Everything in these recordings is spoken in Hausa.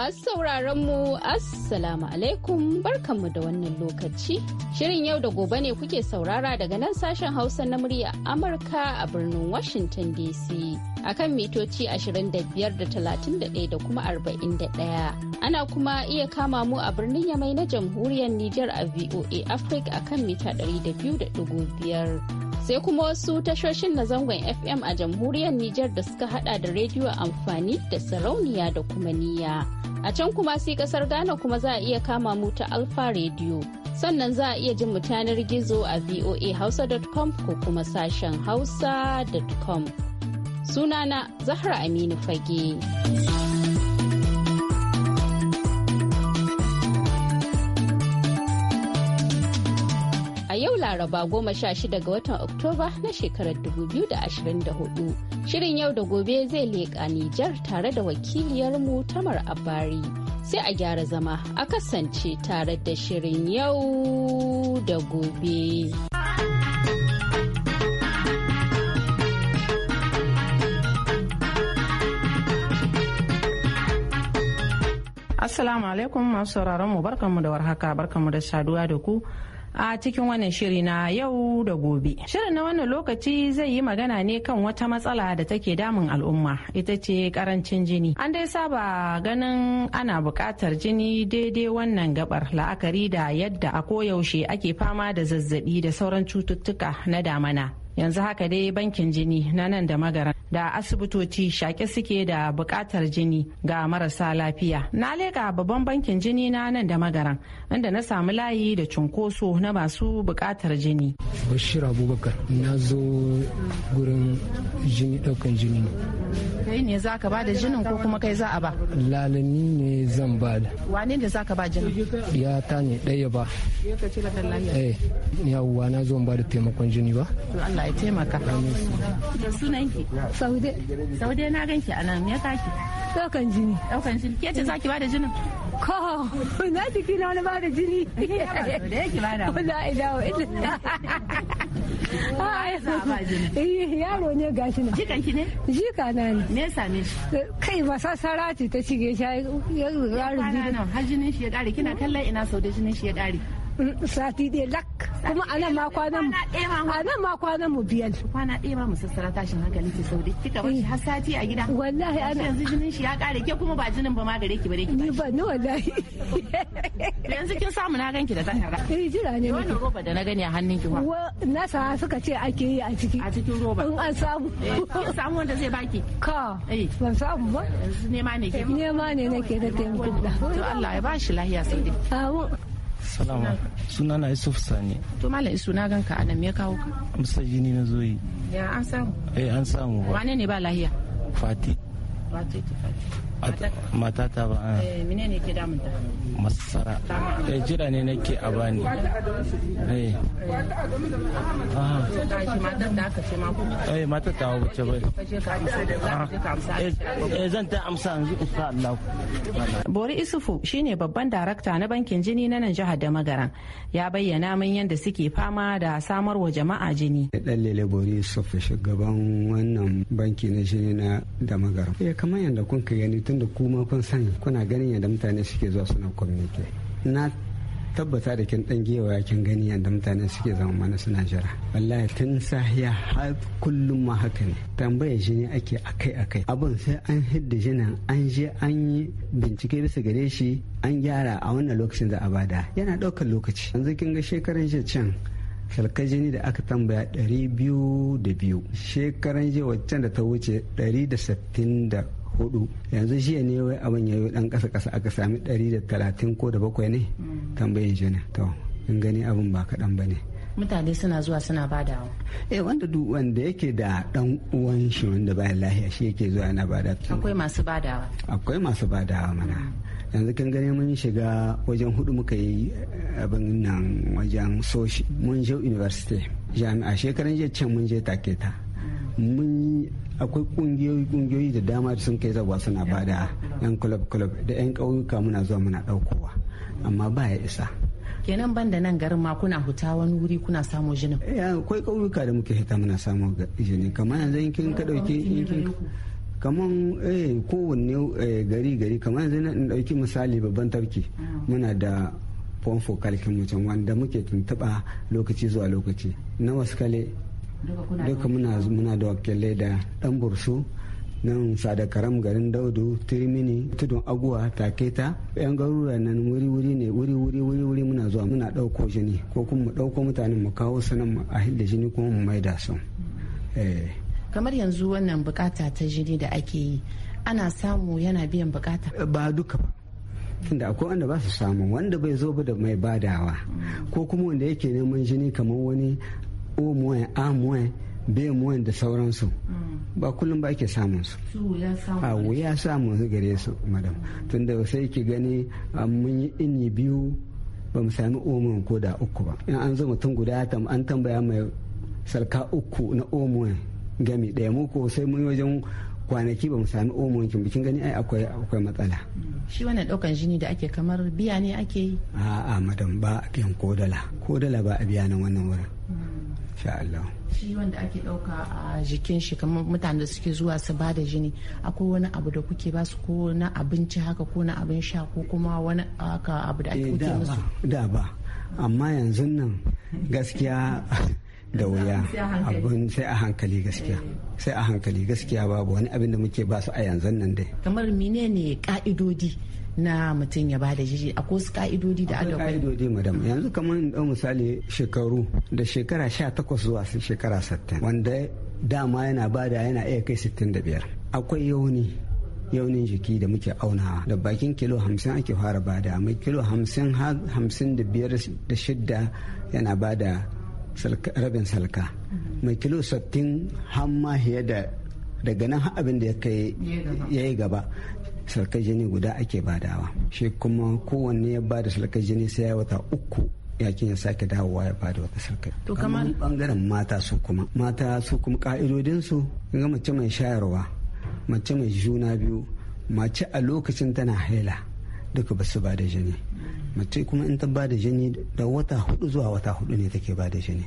Masu sauraron mu Assalamu alaikum barkanmu da wannan lokaci. Shirin yau da gobe ne kuke saurara daga nan sashen Hausa na murya Amurka a birnin Washington DC. akan mitoci 25.31 da da kuma 41. Ana kuma iya kama mu a birnin Yamai na jamhuriyar Nijar a VOA Africa akan mita 200.5. sai kuma wasu tashoshin na zangon fm a jamhuriyar nijar da suka hada da rediyo amfani da sarauniya da kuma niya a can kuma sai kasar ghana kuma za a iya kama mu ta alfa rediyo sannan za a iya jin mutanar gizo a voa hausa.com ko kuma sashen hausa.com sunana zahra aminu fage. Laraba goma sha shida ga watan Oktoba na shekarar da da ashirin 2024. Shirin yau da gobe zai leƙa Nijar tare da wakiliyar wakiliyarmu Tamar Abari. Sai a gyara zama a kasance tare da shirin yau da gobe. Assalamu alaikum masu sauraron mu barkanmu da warhaka barkanmu da saduwa da ku a cikin wannan shiri na yau da gobe. Shirin na wannan lokaci zai yi magana ne kan wata matsala da take damun al'umma ita ce karancin jini. An dai saba ganin ana buƙatar jini daidai wannan gabar la'akari da yadda a koyaushe ake fama da zazzabi da sauran cututtuka na damana. yanzu haka dai bankin jini na nan da magara da asibitoci shaƙe suke da buƙatar jini ga marasa lafiya na leƙa babban bankin jini na nan da magaran inda na samu layi da cunkoso na masu buƙatar jini bashir abubakar na zo gurin jini ɗaukan jini kai ne za ka ba da jinin ko kuma kai za a ba lalani ne zan ba da wane ne za ka ba jinin ya ta ne ɗaya ba eh, yawwa na zo ba da taimakon jini ba Allah ya taimaka da sunanki saude saude na ganki anan me ya ki daukan jini daukan jini ke ce zaki bada jinin ko na jiki na wani bada jini da yake bada wala idawo illa yaro ne gashi na jika ki ne jika na ne me yasa ne kai ba sassara ce ta cige shi ya ƙara jini har jinin shi ya ƙare kina kallon ina sau da jinin shi ya ƙare sati ɗaya lak kuma a nan ma kwanan mu a nan ma kwanan mu biyar kwana ɗaya ma mu sassara tashin hankali ki saudi kika bar shi eh. har sati a gida wallahi ana yanzu jinin shi ya kare ke kuma ba jinin ba ma gare ki bare ki ni ba ni wallahi yanzu kin samu na ganki da takarda eh jira ne wannan roba da na gani a hannun ki wa na sa suka ce ake yi a ciki a cikin roba in an samu eh, kin samu wanda zai baki ka eh. ban samu ba yanzu nema ne ke nema ne nake da taimako da to Allah ya ba shi lahiya Salama. Suna na Yusuf Sani. To Malam Isu na ganka a nan me kawo ka? Amsa jini na zoyi. Ya an samu. Eh an samu ba. Wane ne ba lahiya? Fati. Fati Fati. ta ba. Ah. Eh mine ne ke ta Masara. Eh jira ne nake a bani. Eh. eh. Eh, matar ta wuce bai ah, eh, eh, zan ta amsa yanzu insha Allah Bori Isufu shine babban darakta na bankin jini na nan jihar da magaran ya bayyana min yadda suke fama da samarwa jama'a jini dan lele Bori Isufu shugaban wannan banki na jini na da eh kamar yadda kun ka gani tunda kuma kun sani kuna ganin yadda mutane suke zuwa suna communicate na tabbata da kin dan gewa kin gani yadda mutane suke zama mana suna jira wallahi tun sahiya har kullum ma haka ne tambayar jini ake akai akai abun sai an hidda jinin an je an yi bincike bisa gare shi an gyara a wannan lokacin da a bada yana ɗaukar lokaci yanzu kin ga shekaran shi can shalkar jini da aka tambaya 202 shekaran jiya waccan da ta wuce da. hudu yanzu jiya ne wai abin ya yi dan kasa kasa aka sami dari da talatin ko da bakwai ne mm. tambayin shi ne to in gani abin ba kaɗan ba ne mutane suna zuwa suna badawa eh wanda duk wanda yake da dan uwan shi wanda ba lahiya shi yake zuwa yana bada akwai masu badawa akwai masu badawa mana mm. yanzu kan gani mun shiga wajen hudu muka yi eh, abin nan wajen soshi mun je university jami'a shekaran jiya can mun je taketa ta mun yi akwai kungiyoyi kungiyoyi da dama da sun kai zagwa suna bada yan club club da yan ƙauyuka muna zuwa muna daukowa amma ba ya isa kenan banda nan garin ma kuna huta wani wuri kuna samu jinin eh, akwai ƙauyuka da muke hita muna samu jini kamar yanzu yankin ka dauke yankin kamar eh kowanne eh, gari gari kamar yanzu na dauki misali babban tarki muna da pomfo kalkin mutum wanda muke tuntuba lokaci zuwa lokaci na waskale. duka muna da wakilai da dan bursu nan sadakaram garin daudu tirimini tudun aguwa taketa yan garura nan wuri wuri ne wuri wuri wuri wuri muna zuwa muna dauko jini ko kuma mu dauko mutanen mu kawo su nan a da jini kuma mu maida su eh. kamar yanzu wannan bukata ta jini da ake yi ana samu yana biyan bukata ba duka ba tunda akwai wanda ba su samu wanda bai zo ba da mai badawa ko kuma wanda yake neman jini kamar wani o moins a moins b moins da sauransu mm. ba kullum ba ake samun su a wuya samun su gare su madam tunda sai ki gani mun yi ini biyu ba mu sami omen ko da uku ba in an zo mutum guda an tambaya mai salka uku na omen gami ɗaya muku sai mun wajen kwanaki ba mu sami omen kin bikin gani ai akwai akwai matsala mm. shi wannan daukan jini da ake kamar biya ne ake yi a'a madam ba a biyan kodala kodala ba a biya nan wannan wurin mm. sha Allah shi wanda ake dauka a jikin shi kamar mutane da suke zuwa su ba da jini akwai wani abu da kuke ba su ko na abinci haka ko na abin sha ko kuma wani haka abu da ake eh, musu da ba amma yanzu nan gaskiya da wuya abin sai a hankali gaskiya eh. sai a hankali gaskiya babu wani abin da muke ba su a yanzu nan dai kamar menene ka'idodi na mutum ya bada a ko su ka'idodi da aka ka'idodi madam yanzu kamar in dau misali shekaru da shekara sha takwas zuwa shekara 60 wanda dama yana bada yana iya kai sittin da biyar. akwai yauni yaunin jiki da muke auna da bakin kilo hamsin ake fara bada mai kilo hamsin hamsin da biyar da shidda yana bada rabin salka mai kilo sittin hamma fiye da daga nan abin da ya kai ya yi gaba salkar jini guda ake badawa shi kuma kowanne ya bada salkar jini sai ya wata uku yakin ya sake dawowa ya bada wata sarkar. To kamar bangaren mata su kuma. Mata su kuma ka'idodinsu ga mace mai shayarwa, mace mai juna biyu, mace a lokacin tana haila duka ba su ba jini. Mace kuma in ta bada jini da wata hudu zuwa wata hudu ne take ba da jini.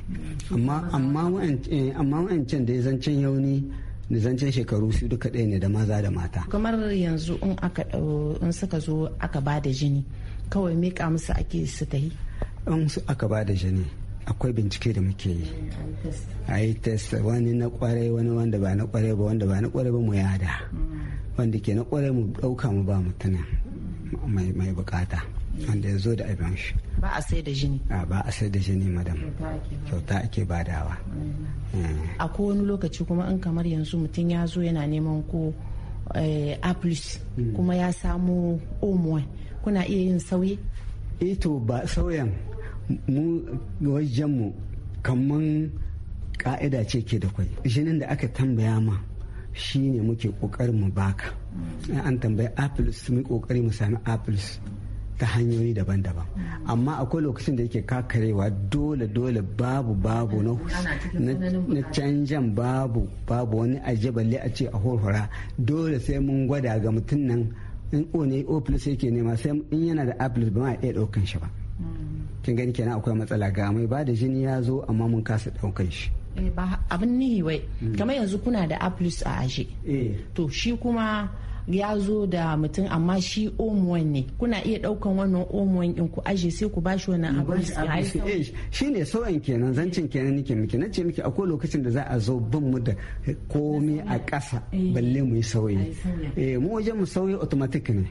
Amma amma wa'ancan eh, da ya zancen yauni da zancen shekaru su duka ɗaya ne da maza da mata kamar yanzu in aka in suka zo aka ba da jini kawai mika musu ake su ta yi in su aka ba da jini akwai bincike da muke yi a yi test wani na kwarai wani wanda ba na kwarai ba wanda ba na kwarai ba mu yada wanda ke na kwarai mu ɗauka mu ba mutane mai bukata wanda ya zo da abin shi ba a sai da jini ba a sai da jini madam kyauta ake badawa mm. a wani lokaci kuma in kamar yanzu mutum ya zo yana neman ko eh, aplis mm. kuma ya samu omuwan kuna iya yin sauyi ito eh ba sauyan mu wajenmu kamar ka'ida ce ke da kwai jinin da aka tambaya ma shine muke kokarin mu baka mm. an tambayi apples mu kokari mu sami apples ta hanyoyi daban-daban amma akwai lokacin da yake kakarewa dole dole babu babu na canjan babu babu wani aje balle a ce a horhora dole sai mun gwada ga mutum nan in o ne o plus yake nema sai in yana da a plus ba ma iya daukan shi ba kin gani kenan akwai matsala ga mai ba da jini ya zo amma mun kasa daukan shi eh, abin nihi wai hmm. kamar yanzu kuna da a plus a aje eh. to shi kuma ya zo da mutum amma shi omuwan ne kuna iya daukan wannan omuwan in ku aje sai ku bashi wannan abin eh, shi ne sauran kenan zancin kenan nake miki nace miki akwai lokacin da za a zo bin mu da komai a ƙasa eh. balle mu yi sauyi eh mu wajen mu sauyi automatic ne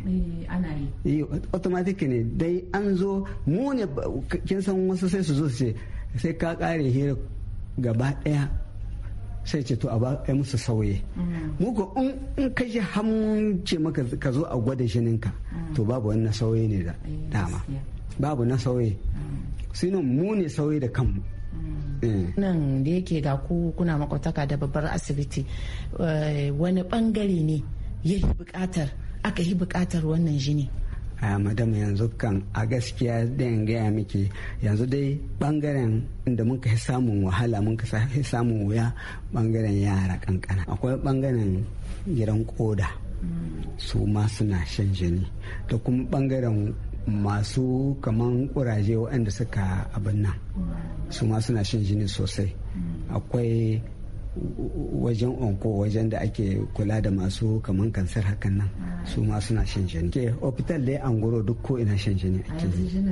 eh, eh automatic ne dai an zo mu ne kin san wasu sai su zo su ce sai ka kare hira gaba daya sai ce to a ba musu sauye mm. mu ko in ka ji hamce maka ka zo a gwada jininka mm. to babu wani sauye ne da eh, dama babu na sauye mm. sinon mu ne sauye da kanmu eh. nan da yake ga ku kuna makwataka da babbar asibiti eh, wani bangare ne ya yi bukatar aka yi bukatar wannan jini madam yanzu kan a gaskiya da ya gaya miki yanzu dai bangaren inda muka fi samun wahala muka fi samun wuya bangaren yara kankana akwai ɓangaren gidan koda su ma suna shan jini da kuma ɓangaren masu kaman kuraje waɗanda suka abin nan su ma suna shan jini sosai akwai wajen onko wajen da ake kula da masu kaman kansar hakan nan ah. su ma suna shan jini ke hospital dai an goro duk ko ina shan jini ake yi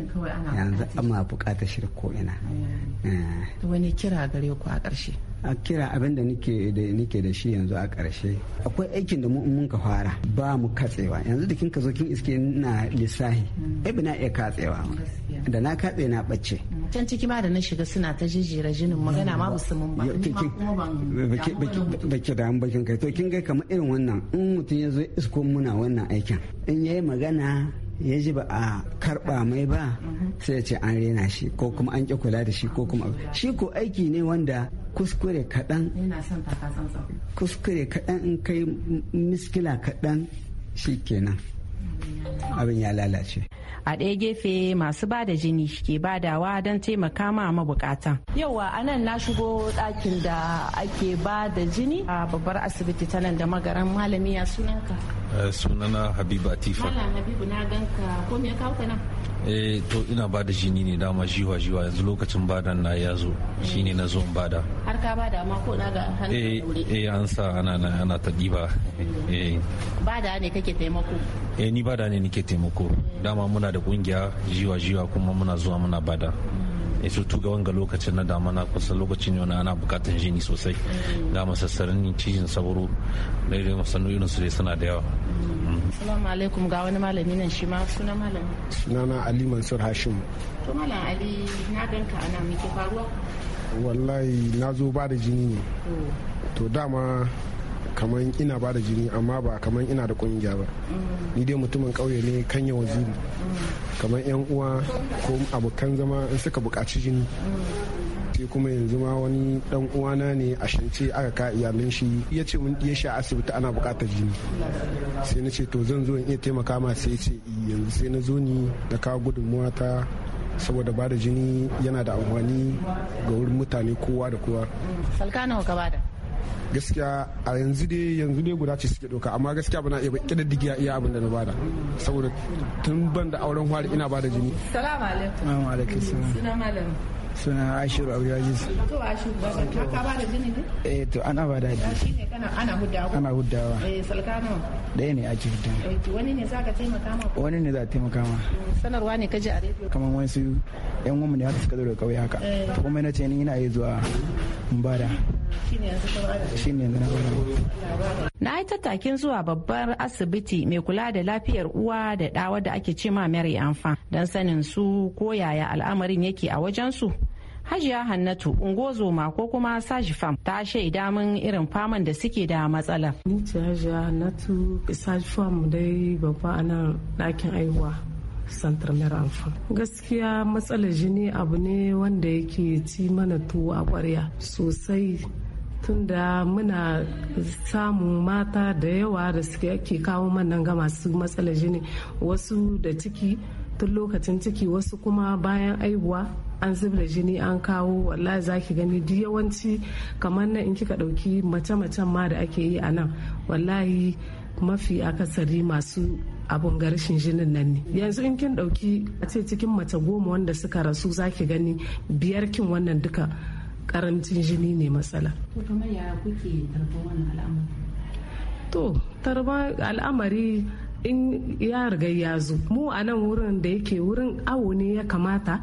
yanzu amma bukata shi ko ina ah, eh. wani kira gare ku a ƙarshe a kira abin da nike da shi yanzu a ƙarshe akwai aikin da mun ka fara ba mu katsewa yanzu da kin ka zo kin iske na lissahi hmm. ai na iya katsewa da na katse na bacce hmm. can ciki ma da na shiga suna ta jijjira jinin magana ma basu mun ba ba ke da bakin kai to kin ga kamar irin wannan in mutum ya zo isko muna wannan aikin in yayi magana ya ji ba a karba mai ba sai ya ce an rena shi ko kuma an ƙi kula da shi ko kuma shi ko aiki ne wanda kuskure kaɗan kuskure kaɗan in kai miskila kaɗan shi kenan abin ya lalace a ɗaya gefe masu ba da jini ke badawa don taimaka ma mabukata. yauwa nan na shigo ɗakin da ake ba da jini a babbar asibiti ta nan da magaran malami ya sunanka eh, sunana habiba tifa malam habibu na ganka ko me kawo nan eh to ina ba da jini ne dama jiwa jiwa yanzu lokacin badan na ya zo shine na zo in bada ka ba da amma ko na ga hannun wuri eh, eh an sa ana ana ta diba eh ba da ne kake taimako eh ni ba da ne nake taimako dama muna da kungiya jiwa jiwa kuma muna zuwa muna bada eh, su tuga wanga lokacin na damana kusa lokacin yau ana bukatan jini sosai ga masassarin cizon sauro da irin masanu irin su dai suna da yawa salamu alaikum ga wani malami nan shi ma suna malami sunana ali mansur hashim to malam ali na ganka ana muke faruwa wallahi na zo ba da jini ne to dama kamar ina ba da jini amma ba kamar ina da kungiya ba ni dai mutumin kauye ne kan yawan ziri kamar yan uwa ko abokan zama in suka buƙaci jini sai kuma yanzu ma wani dan uwana ne a shance aka ka iyalin shi ya ce mun ya sha asibiti ana buƙatar jini sai na ce to zan zo in iya taimaka ma sai ce eh, yanzu sai na zo ni da kawo gudunmuwa ta saboda bada jini yana da amfani ga wurin mutane kowa da kowa salka nawa ka bada gaskiya a yanzu dai yanzu dai guda ce suke doka amma gaskiya bana iya baki da digiya iya abin da na bada saboda tun ban da auren hwari ina bada jini salamu alaikum alaikum salam suna ashiru abdulaziz to ashiru ba ka ba da jini ne eh to ana ba da jini ana huddawa ana huddawa eh salka nawa ne ake huddawa eh, wani ne zaka taimaka ma wani ne za taimaka ma sanarwa ne kaji a rediyo wani su yan uwan ne haka suka zo daga kauye haka eh. to kuma na ce ni ina yi zuwa mbada shi ne yanzu na bada na yi tattakin zuwa babbar asibiti mai kula da lafiyar uwa da ɗa wadda ake ce ma mary amfa don sanin su ko yaya al'amarin yake a wajen su hajiya hannatu ungozoma ko kuma sashi fam ta shaida min irin faman da suke da matsala ni ce hajiya hannatu sashi fam dai babba a nan ɗakin aiwa santar gaskiya matsalar jini abu ne wanda yake ci mana tuwo a ƙwarya sosai tunda muna samun mata da yawa da suke ake kawo mana ga masu matsalar jini wasu da ciki tun lokacin ciki wasu kuma bayan aihuwa an zubda jini an kawo wallahi za ki gani duk yawanci kamar nan in kika ɗauki mace-macen ma da ake yi a nan wallahi mafi akasari masu abun garshin jinin nan ne yanzu in kin ɗauki a ce cikin mace goma wanda suka rasu za ki gani biyar kin wannan duka karamcin jini ne matsala. To, tarba al'amari in ya riga ya zo mu a nan wurin da yake wurin awo ne ya kamata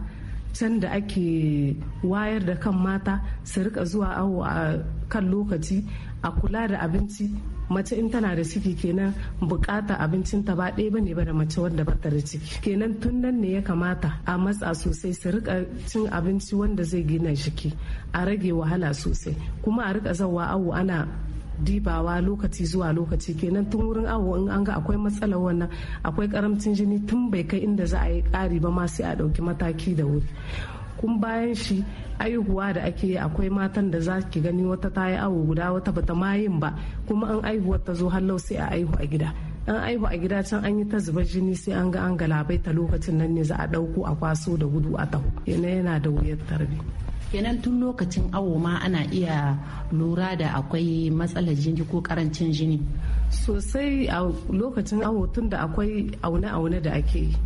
can da ake wayar da kan mata su rika zuwa awo a kan lokaci a kula da abinci mace in tana da ciki kenan bukata abincinta ba ɗaya bane ba da mace wanda ba ta da ciki kenan tun nan ne ya kamata a matsa sosai su rika cin abinci wanda zai gina jiki a rage wahala sosai kuma a rika zawa awo ana dibawa lokaci zuwa lokaci kenan tun wurin awo in an ga akwai matsalar wannan akwai karamcin jini tun bai kai inda za a yi ƙari ba ma sai a ɗauki mataki da wuri kun bayan shi aihuwa da ake yi akwai matan da za ki gani wata ta yi awo guda wata bata mayin ba kuma an aihuwar ta zo hallau sai a aihu a gida an aihu a gida can an yi ta zubar jini sai an ga an galabaita lokacin nan ne za a ɗauko a kwaso da gudu a taho yana da wuyar tarbi kenan tun lokacin awo ma ana iya lura da akwai matsalar jini ko karancin jini sosai a lokacin awo tun da akwai aune-aune da ake yi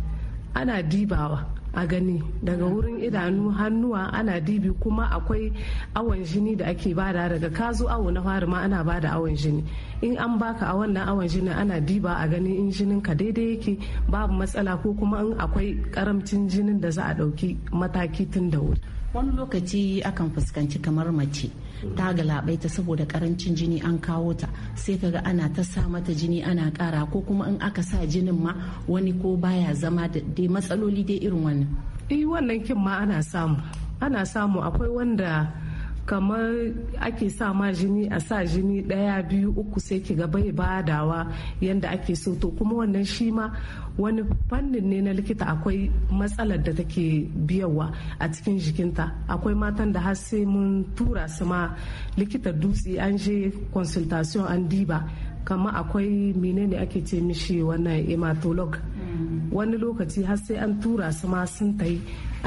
ana dibawa a gani daga wurin idanu hannuwa ana dibi kuma akwai awon jini da ake bada daga kazo awo na fara ma ana bada awon jini in an baka a wannan awon jini ana diba a gani in jinin ka daidai yake babu matsala ko kuma in akwai karamcin jinin da za a dauki mataki tun da wuri wani lokaci akan fuskanci kamar mace ta galabaita saboda karancin jini an kawo ta sai kaga ana ta sa mata jini ana kara ko kuma in aka sa jinin ma wani ko baya zama da dai matsaloli dai irin wannan eh wannan kin ma ana samu ana samu akwai wanda kamar ake sa ma jini a sa jini daya biyu uku sai ki ga bai badawa yanda ake so to kuma wannan shi ma wani fannin ne na likita akwai matsalar da take biyawa a cikin jikinta akwai matan da har sai mun tura su ma likita dutse an je consultation an diba kama akwai menene ake ce mishi wannan hematolog mm. wani lokaci har sai an tura su ma sun tai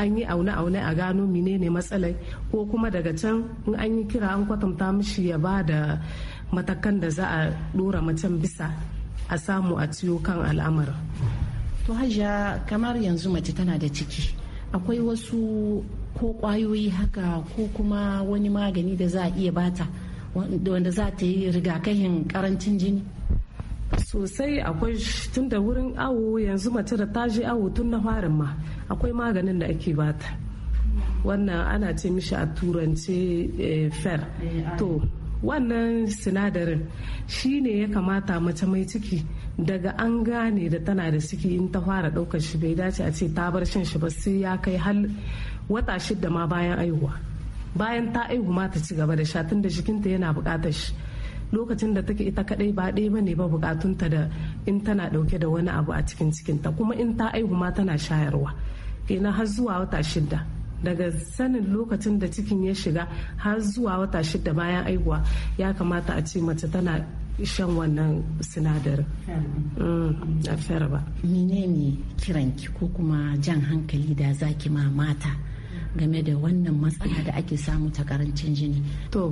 an yi aune-aune a gano menene matsalai ko kuma daga can in an yi kira an kwatanta mishi ya ba da matakan da za a dora macen bisa a samu a ciyo kan alamar to hajja kamar yanzu mace tana da ciki akwai wasu ko kwayoyi haka ko kuma wani magani da za a iya bata wanda za ta yi rigakafin karancin jini sosai akwai tun da wurin awo yanzu mace da ta je awo tun na farin ma akwai maganin da ake bata wannan ana ce mishi a turance eh, fer to wannan sinadarin shi ne ya kamata mace mai ciki daga an gane da tana da ciki in ta fara daukar shi bai dace a ce ta bar shan shi ba sai ya kai hal wata shidda ma bayan aihuwa bayan ta aihu ma ta ci gaba da sha tunda jikinta yana bukatar shi lokacin da take ita kadai ba ɗaya bane ba bukatunta da in tana dauke da wani abu a cikin cikinta kuma in ta aihu ma tana shayarwa kenan har zuwa wata shida daga sanin lokacin da cikin ya shiga har zuwa wata shida bayan aihuwa ya kamata a ce mace tana shan wannan sinadarin mm, a fara ba ne kiranki ko kuma jan hankali da zaki ma mata game da wannan matsala da ake samu ta karancin jini to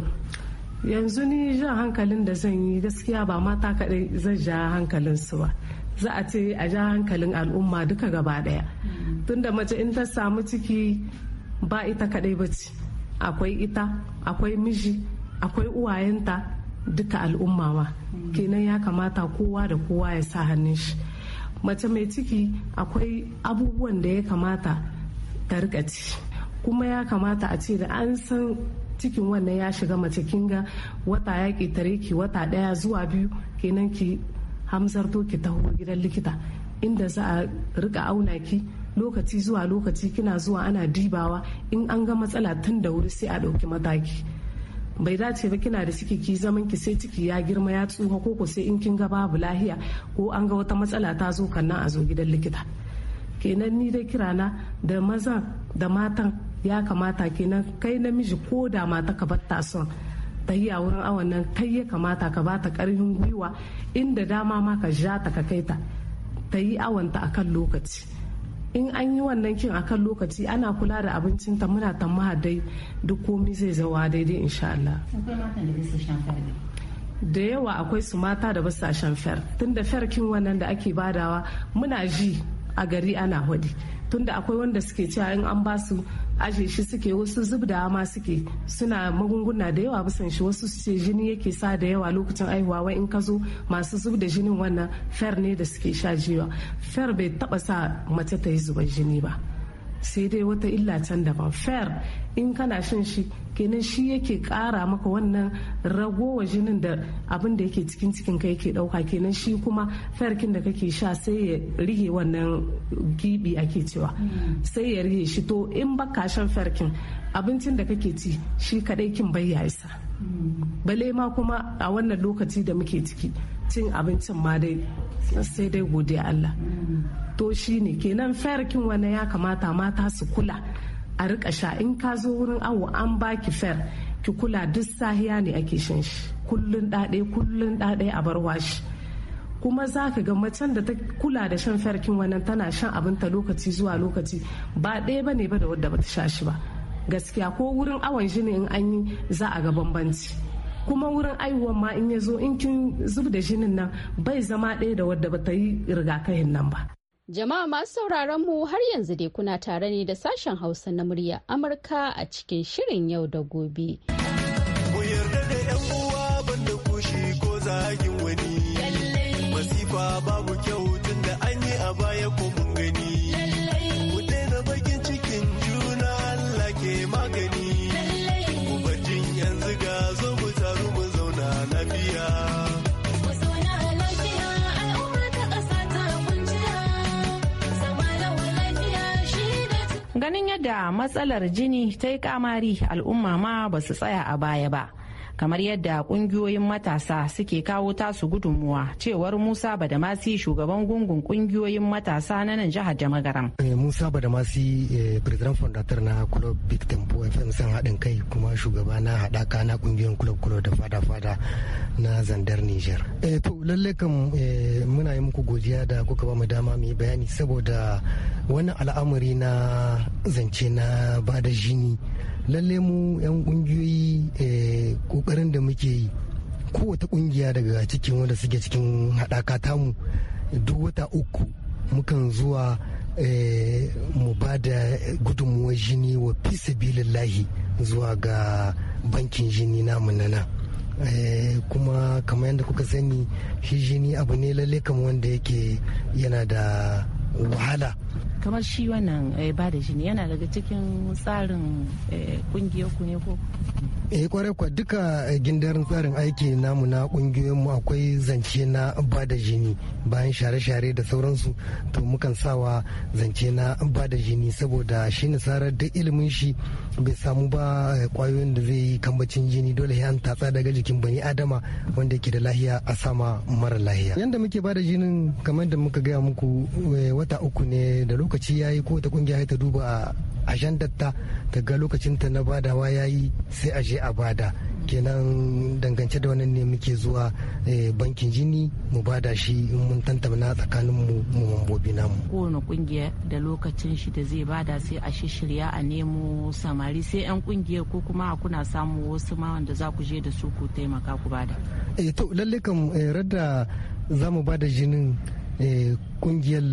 yanzu ni jan hankalin da zan yi gaskiya ba mata kaɗai zan ja hankalin su ba za a ce a ja hankalin al'umma duka gaba ɗaya mm. tunda mace in ta samu ciki ba ita kaɗai ba ce akwai ita akwai miji akwai uwayenta duka al'umma ma mm. kenan ya kamata kowa da kowa ya sa hannun shi mace mai ciki akwai abubuwan da ya kamata ta rika kuma ya kamata a ce da an san cikin wannan ya shiga mace kinga wata ya tare ki wata ɗaya zuwa biyu kenan ki hamzarto ki taho gidan likita inda za a rika auna ki lokaci zuwa lokaci kina zuwa ana dibawa in an ga matsala tun da wuri sai a ɗauki mataki bai dace ba kina da ciki ki zaman ki sai ciki ya girma ya tsuha ko ko sai in kin ga babu lahiya ko an ga wata matsala ta zo kannan a zo gidan likita kenan ni dai kirana da mazan da matan ya kamata kenan kai namiji ko da mata ka bar ta son ta yi a wurin awon nan kai ya kamata ka bata karfin gwiwa inda dama ma ka ja ta ka kai ta ta yi awanta akan lokaci in an yi wannan kin akan lokaci ana kula da abincin ta muna tamaha dai duk komi zai zawa daidai insha Allah da yawa akwai su mata da basu shan fer tunda fer kin wannan da ake badawa muna ji a gari ana hudi tunda akwai wanda suke cewa in an basu aje shi suke wasu zub da ma suke suna magunguna da yawa bisan shi wasu su ce jini yake sa da yawa lokacin aihuwa wai in ka zo masu zub da jinin wannan fer ne da suke sha jiwa fer bai taba sa mace ta yi zuban jini ba sai dai wata illa can daban fer in kana shan shi kenan shi yake kara maka wannan ragowa jinin da abin da yake cikin cikin ka yake dauka kenan shi kuma farkin da kake sha sai ya rige wannan gibi ake cewa sai ya rige shi to in baka shan farkin abincin da kake ci shi kadai kin bai ya isa bale ma kuma a wannan lokaci da muke ciki cin abincin ma dai sai dai godiya Allah to shi ne kenan farkin wannan ya kamata mata su kula a rika sha in ka zo wurin awo an baki fer ki kula duk sahiya ne ake shan shi kullun ɗaɗe kullun ɗaɗe a bar washi kuma za ka ga macen da ta kula da shan Kin wannan tana shan abin ta lokaci zuwa lokaci ba ɗaya ba ne ba da wadda bata sha shi ba gaskiya ko wurin awon shi ne in an yi za a ga bambanci kuma wurin aiwuwan ma in ya zo in kin zub da jinin nan bai zama ɗaya da wadda bata yi rigakafin nan ba Jama'a masu sauraron mu har yanzu dai kuna tare ne da sashen Hausa na murya Amurka a cikin shirin yau da gobe. Ku yarda da 'yan uwa banda kushi ko zagin wani. Masifa babu kyau tunda an yi a baya kuma. Ganin yadda matsalar jini ta yi kamari al'umma ma ba su tsaya a baya ba. kamar yadda kungiyoyin matasa suke kawo tasu gudunmuwa cewar musa badamasi shugaban gungun kungiyoyin matasa na nan jihar jamagaram eh, musa badamasi eh, president fondator na club big tempo fm san haɗin kai kuma shugaba na haɗaka na kungiyoyin club club da fada fada na zandar niger eh, to lalle kam muna yi muku godiya da kuka ba mu dama mu yi bayani saboda wannan al'amari na zance na bada jini lalle mu 'yan kungiyoyi eh, kokarin da muke yi kowata kungiya daga cikin wanda suke cikin haɗaka tamu duk wata uku mukan zuwa eh, mu ba da gudunmuwar jini wa fi zuwa ga bankin jini namu na nan eh, kuma kamar yadda kuka sani shi jini abu ne lalle kamar wanda yake yana da wahala kamar shi wannan eh, ba da ne yana daga cikin tsarin kungiyar eh, ku ne ko eh kwarai kwa duka eh, gindarin tsarin aiki namu na kungiyoyin mu akwai zance na bada jini bayan share-share da sauransu to mukan sawa zance na bada jini saboda shi nasarar duk ilimin shi bai samu ba kwayoyin eh, da zai yi kambacin jini dole yan tatsa daga jikin bani adama wanda yake da lahiya a sama mara lahiya yanda muke bada jinin kamar da muka gaya muku eh, wata uku ne da lokaci yayi ko ta kungiya ta duba a datta ta ga lokacinta na badawa ya yi sai a je a bada kenan dangance da wannan ne muke zuwa eh, bankin jini mu bada shi in mun tantamna tsakanin mu mu mambobi namu kowane kungiya da lokacin shi da zai bada sai a shirya a nemo samari sai yan kungiya ko kuma a kuna samu wasu ma wanda za ku je da su ku taimaka ku bada eh to lalle kam eh, radda za mu bada jinin eh, kungiyar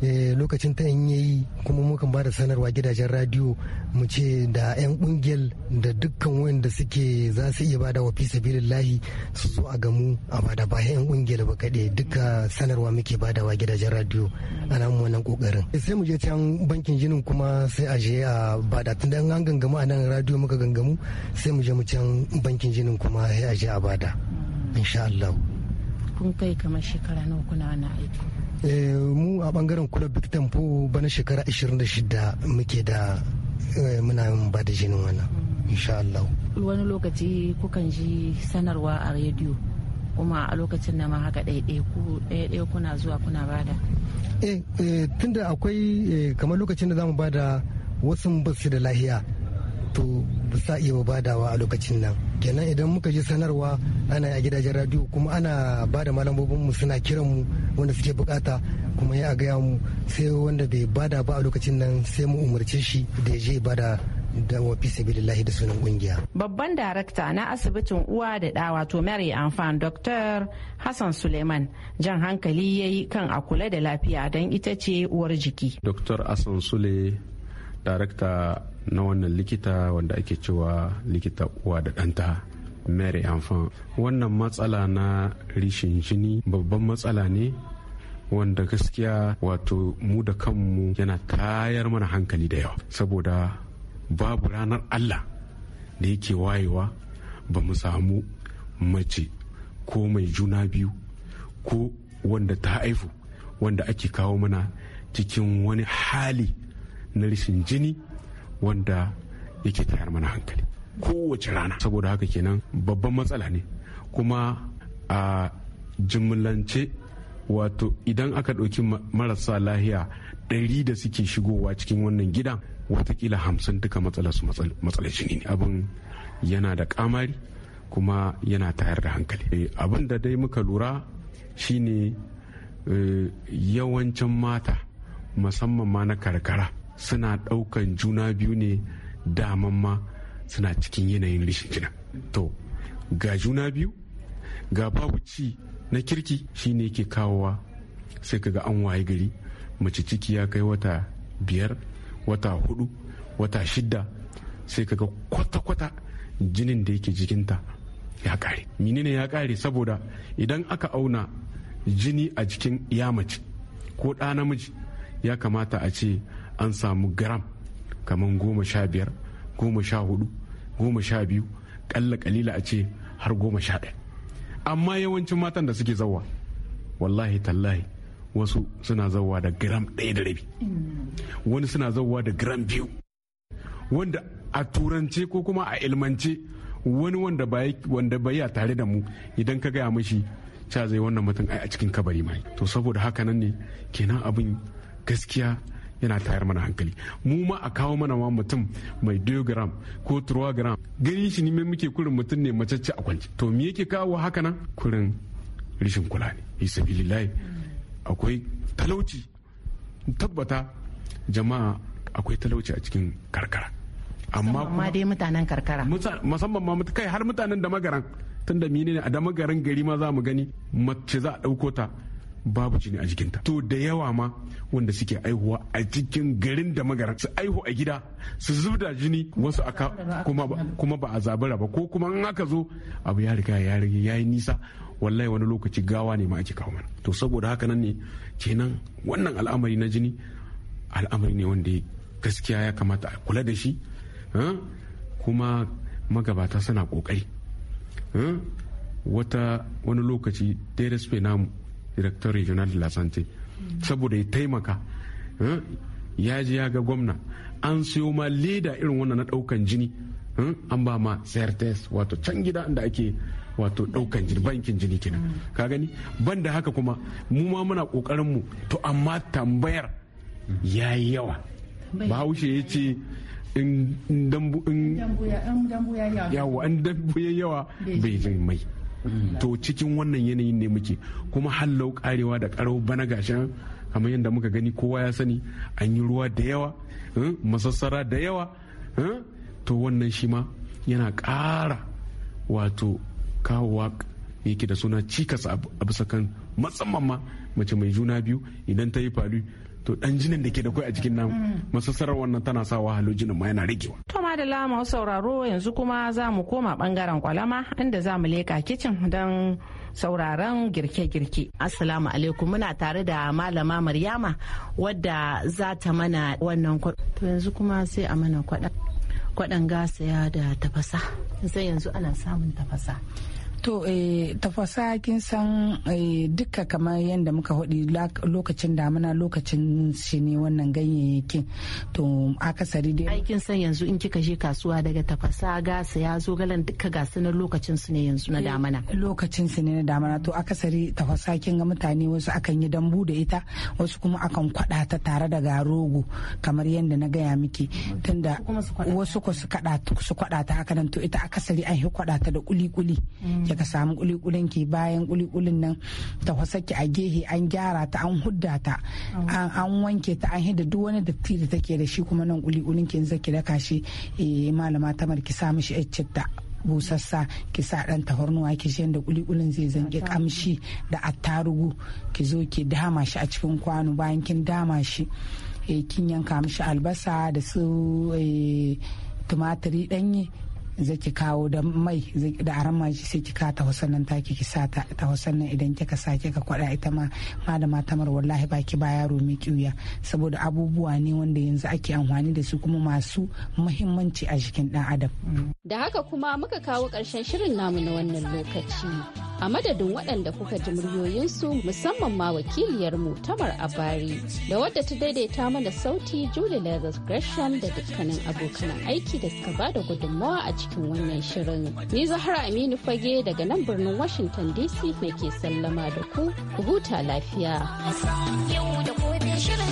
Eh, lokacin ta in yayi kuma mukan ba da sanarwa gidajen radio mu ce da 'yan kungiyar da dukkan wanda suke za su iya bada wa fisa lahi su zo a gamu a bada ba 'yan kungiyar ba kaɗai duka sanarwa muke badawa gidajen radio ana mu wannan kokarin sai mu je can bankin jinin kuma sai a je a bada tunda an gangamu a nan radio muka gangamu sai mu je mu can bankin jinin kuma sai a je a bada insha Allah kun kai kamar shekara nawa kuna wani aiki Eh, mu a bangaren kula big tempo bana shekara 26 muke da eh, muna yin ba da jinin wannan insha Allah wani lokaci kukan ji sanarwa a rediyo kuma a lokacin na ma haka ɗaiɗaya kuna zuwa kuna bada eh, eh tunda akwai kamar lokacin da zamu bada wasu basu da lahiya to ba sa iya ba badawa a lokacin nan kenan idan muka ji sanarwa ana a gidajen radio kuma ana ba da malambobin mu suna kiran mu wanda suke bukata kuma ya gaya mu sai wanda bai bada ba a lokacin nan sai mu umarce shi da ya je bada da wafi sabilillahi da sunan kungiya. Babban darakta na asibitin uwa da ɗa wato Mary Amfan Dr. Hassan Suleiman jan hankali ya yi kan a kula da lafiya don ita ce uwar jiki. Dr. Hassan Sule darakta na wannan likita wanda ake cewa likita uwa da ɗanta mary amfan wannan matsala na rishin jini babban matsala ne wanda gaskiya wato mu da kanmu yana tayar mana hankali da yawa saboda babu ranar allah da yake wayewa ba mu samu mace ko mai juna biyu ko wanda ta haifu wanda ake kawo mana cikin wani hali na rishin jini wanda yake tayar mana hankali kowace rana saboda haka kenan babban matsala ne kuma a jimlance wato idan aka ɗauki marasa lahiya ɗari da suke shigowa cikin wannan gidan watakila hamsin duka matsala su matsala jini ne abin yana da kamari kuma yana tayar da hankali eh, abin da dai muka lura shine eh, yawancin mata musamman ma na karkara suna ɗaukan juna biyu ne daman ma suna cikin yanayin rishin gina to ga juna biyu ga babu ci na kirki shine yake kawowa sai kaga an waye gari mace ciki ya kai wata biyar wata hudu wata shidda sai kaga kwata-kwata jinin da yake jikinta ya kare menene ya kare saboda idan aka auna jini a jikin ya mace ko ɗa namiji ya kamata a ce an samu gram kamar goma sha biyar goma sha hudu goma sha biyu kalla kalila a ce har goma sha ɗaya amma yawancin matan da suke zawa wallahi tallahi wasu suna zawa da gram ɗaya da rabi wani suna zawa da gram biyu wanda a turance ko kuma a ilmance wani wanda bai baya tare da mu idan ka gaya mashi ca zai wannan mutum a cikin kabari mai to saboda haka nan ne kenan abin gaskiya yana tayar mana hankali mu ma a kawo mana ma mutum mai 2 gram ko 3 gram ganin shi ne muke kurin mutum ne macece a kwanci to me yake kawo haka nan kurin rishin kula ne isabilillahi akwai talauci tabbata jama'a akwai talauci a cikin karkara amma kuma dai mutanen karkara musamman ma kai har mutanen da magaran tunda menene ne a da magaran gari ma za mu gani mace za a ɗauko ta babu jini a jikinta to da yawa ma wanda suke aihuwa a cikin garin da magara su aihu a gida su zubda jini wasu aka kuma ba a zabara ba ko kuma in aka zo abu ya riga ya rage ya yi nisa wallahi wani lokaci gawa ne ma ake kawo mana to saboda haka nan ne kenan wannan al'amari na jini al'amari ne wanda gaskiya ya kamata a kula da shi kuma magabata suna kokari wata wani lokaci Spain namu director regional de la santé mm. saboda ya taimaka eh, ya ji ya ga gwamna an siyo ma leda irin wannan na daukan jini eh, an ba ma certes wato can gida inda ake wato daukan jini bankin jini kenan mm. ka gani banda haka kuma mu ma muna kokarin mu to amma tambayar ya yi yawa bahaushe ya ce in dambu yawa bai jin mai to cikin wannan yanayin ne muke kuma hallau karewa da karo bana gashin kamar yadda muka gani kowa ya sani an yi ruwa da yawa eh, masassara da yawa eh. to wannan shi ma yana ƙara wato kawowa yake da suna cikas a bisa kan matsamman ma mace mai juna biyu idan ta yi falu to dan jinin da ke da kwai a jikin namu mm. masassarar wannan tana sa wahalo jinin ma yana ragewa. To madalla masu sauraro yanzu kuma za mu koma bangaren kwalama inda za mu leka kicin don sauraron girke-girke. Assalamu alaikum muna tare da malama Maryama wadda za ta mana wannan kwaɗa. To yanzu kuma sai a mana kwaɗa. Kwaɗan ya da tafasa. Sai yanzu ana samun tafasa. To eh, tafasa kin san eh, duka kamar yadda muka haɗi lokacin damuna lokacin shi ne wannan ganyayyakin to akasari dai. Aikin san yanzu in kika je kasuwa daga tafasa gasa ya zo galan duka gasa na lokacin su ne yanzu na eh, damuna. Lokacin su ne na damuna to akasari tafasa kin ga mutane wasu akan yi dambu da ita wasu kuma akan kwaɗa ta tare da garogo kamar yadda na gaya miki tunda wasu ko su kwaɗa ta haka nan to ita akasari an yi kwaɗa ta da kuli-kuli. Mm. ka samu kulikulin ki bayan kulikulin nan ta ki a gehe an gyara ta an hudda ta an wanke ta an hidda duk wani datti da take da shi kuma nan kulikulin ki zaki daka shi eh, malama tamar ki samu shi citta busassa ki sa dan tafarnuwa ki shi da kulikulin zai zanki kamshi da attarugu ki zo ki dama shi a cikin kwano bayan kin dama shi eh, kin yanka mishi albasa da su eh, tumatiri danye ki kawo da mai da arama sai ki ka tawasan nan taki ki sa ta tawasan nan idan kika sa kika kwada ita ma malama tamar wallahi baki ba yaro mai kiuya saboda abubuwa ne wanda yanzu ake amfani da su kuma masu muhimmanci a jikin dan adam da haka kuma muka kawo karshen shirin namu na wannan lokaci a madadin waɗanda kuka ji muryoyinsu musamman ma wakiliyarmu tamar abari da wadda ta daidaita mana sauti julie lagos gresham da dukkanin abokan aiki da suka ba da gudunmawa a cikin wannan shirin ni zahara aminu fage daga nan birnin washington dc nake sallama da ku ku huta lafiya shirin